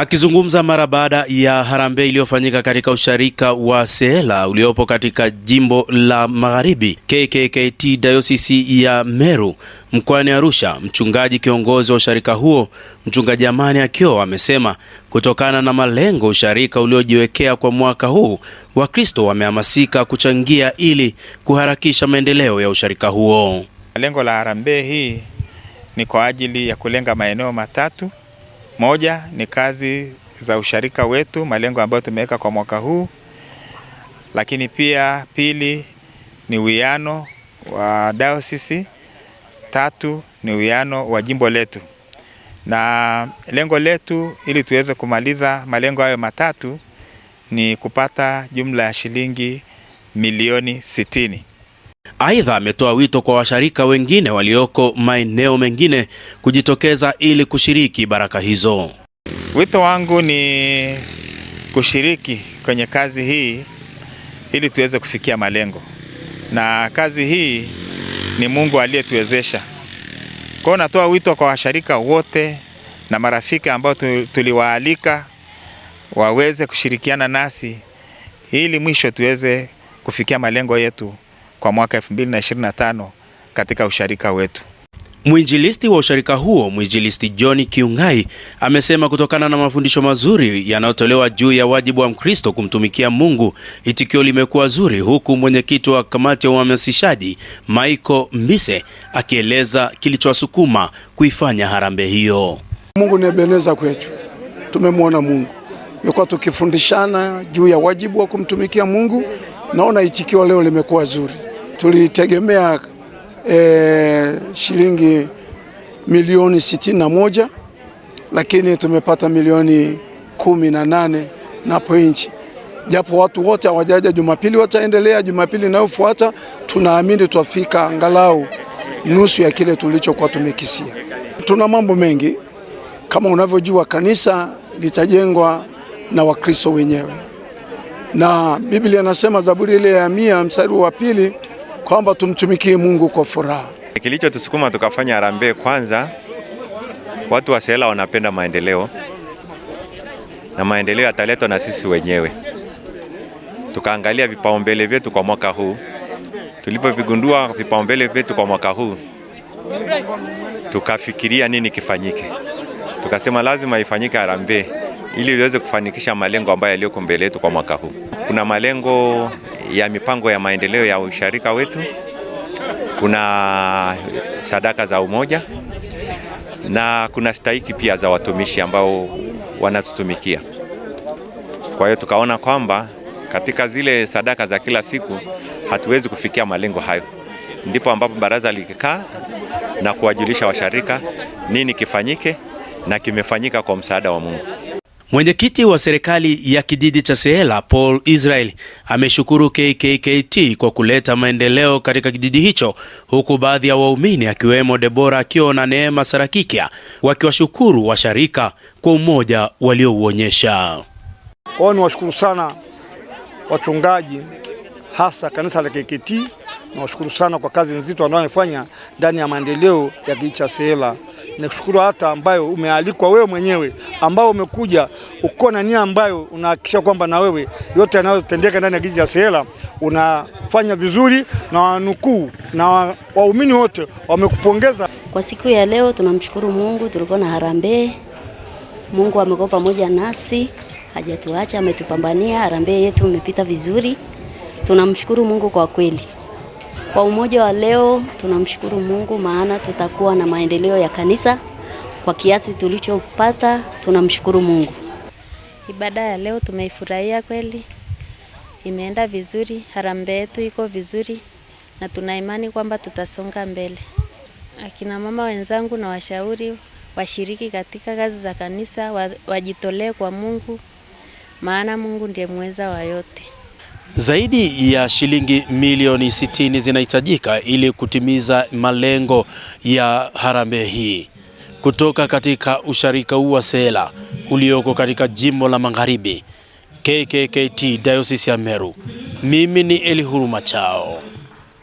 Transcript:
Akizungumza mara baada ya harambee iliyofanyika katika usharika wa sehela uliopo katika jimbo la Magharibi KKKT Dayosisi ya Meru mkoani Arusha, mchungaji kiongozi wa usharika huo Mchungaji Amani Akio amesema kutokana na malengo usharika uliojiwekea kwa mwaka huu, Wakristo wamehamasika kuchangia ili kuharakisha maendeleo ya usharika huo. Lengo la harambee hii ni kwa ajili ya kulenga maeneo matatu moja ni kazi za usharika wetu, malengo ambayo tumeweka kwa mwaka huu, lakini pia pili ni uwiano wa dayosisi, tatu ni uwiano wa jimbo letu, na lengo letu ili tuweze kumaliza malengo hayo matatu ni kupata jumla ya shilingi milioni sitini. Aidha, ametoa wito kwa washarika wengine walioko maeneo mengine kujitokeza ili kushiriki baraka hizo. Wito wangu ni kushiriki kwenye kazi hii ili tuweze kufikia malengo, na kazi hii ni Mungu aliyetuwezesha. Kwa hiyo natoa wito kwa washarika wote na marafiki ambao tuliwaalika waweze kushirikiana nasi ili mwisho tuweze kufikia malengo yetu kwa mwaka 2025 katika usharika wetu. Mwinjilisti wa usharika huo Mwinjilisti John Kiungai amesema kutokana na mafundisho mazuri yanayotolewa juu ya wajibu wa Mkristo kumtumikia Mungu, itikio limekuwa zuri, huku mwenyekiti wa kamati ya uhamasishaji Michael Mbise akieleza kilichowasukuma kuifanya harambee hiyo. Mungu ni Ebeneza kwetu, tumemwona Mungu, tumekuwa tukifundishana juu ya wajibu wa kumtumikia Mungu. Naona itikio leo limekuwa zuri tulitegemea e, shilingi milioni sitini na moja lakini tumepata milioni kumi na nane na pointi japo watu wote hawajaja Jumapili, wataendelea Jumapili inayofuata. Tunaamini tutafika angalau nusu ya kile tulichokuwa tumekisia. Tuna mambo mengi kama unavyojua, kanisa litajengwa na Wakristo wenyewe, na Biblia inasema Zaburi ile ya mia mstari wa pili kwamba tumtumikie Mungu kwa furaha. Kilichotusukuma tukafanya harambee, kwanza watu wa Sela wanapenda maendeleo na maendeleo yataletwa na sisi wenyewe. Tukaangalia vipaumbele vyetu kwa mwaka huu, tulipovigundua vipaumbele vyetu kwa mwaka huu, tukafikiria nini kifanyike, tukasema lazima ifanyike harambee ili iweze kufanikisha malengo ambayo yaliyoko mbele yetu kwa mwaka huu. Kuna malengo ya mipango ya maendeleo ya ushirika wetu, kuna sadaka za umoja na kuna stahiki pia za watumishi ambao wanatutumikia. Kwa hiyo tukaona kwamba katika zile sadaka za kila siku hatuwezi kufikia malengo hayo, ndipo ambapo baraza likikaa na kuwajulisha washirika nini kifanyike na kimefanyika kwa msaada wa Mungu. Mwenyekiti wa serikali ya kijiji cha sehela Paul Israel ameshukuru KKKT kwa kuleta maendeleo katika kijiji hicho, huku baadhi ya waumini akiwemo Debora akiwa na Neema Sarakikia wakiwashukuru washarika kwa umoja waliouonyesha. Kwao ni washukuru sana wachungaji, hasa kanisa la KKKT, nawashukuru sana kwa kazi nzito wanayofanya ndani ya maendeleo ya kijiji cha sehela Nikushukuru hata ambayo umealikwa wewe mwenyewe, ambao umekuja uko na nia ambayo unahakikisha kwamba na wewe yote yanayotendeka ndani ya kijiji cha sehela unafanya vizuri, na wanukuu na waumini wote wamekupongeza kwa siku ya leo. Tunamshukuru Mungu, tulikuwa na harambee. Mungu amekuwa pamoja nasi, hajatuacha, ametupambania. Harambee yetu imepita vizuri, tunamshukuru Mungu kwa kweli. Kwa umoja wa leo tunamshukuru Mungu maana tutakuwa na maendeleo ya kanisa kwa kiasi tulichopata, tunamshukuru Mungu. Ibada ya leo tumeifurahia kweli, imeenda vizuri, harambee yetu iko vizuri na tuna imani kwamba tutasonga mbele. Akina mama wenzangu na washauri washiriki katika kazi za kanisa, wajitolee kwa Mungu maana Mungu ndiye mweza wa yote. Zaidi ya shilingi milioni 60 zinahitajika ili kutimiza malengo ya harambee hii kutoka katika usharika huu wa Seela ulioko katika jimbo la Magharibi, KKKT Diocese ya Meru. Mimi ni Elihuruma Chao.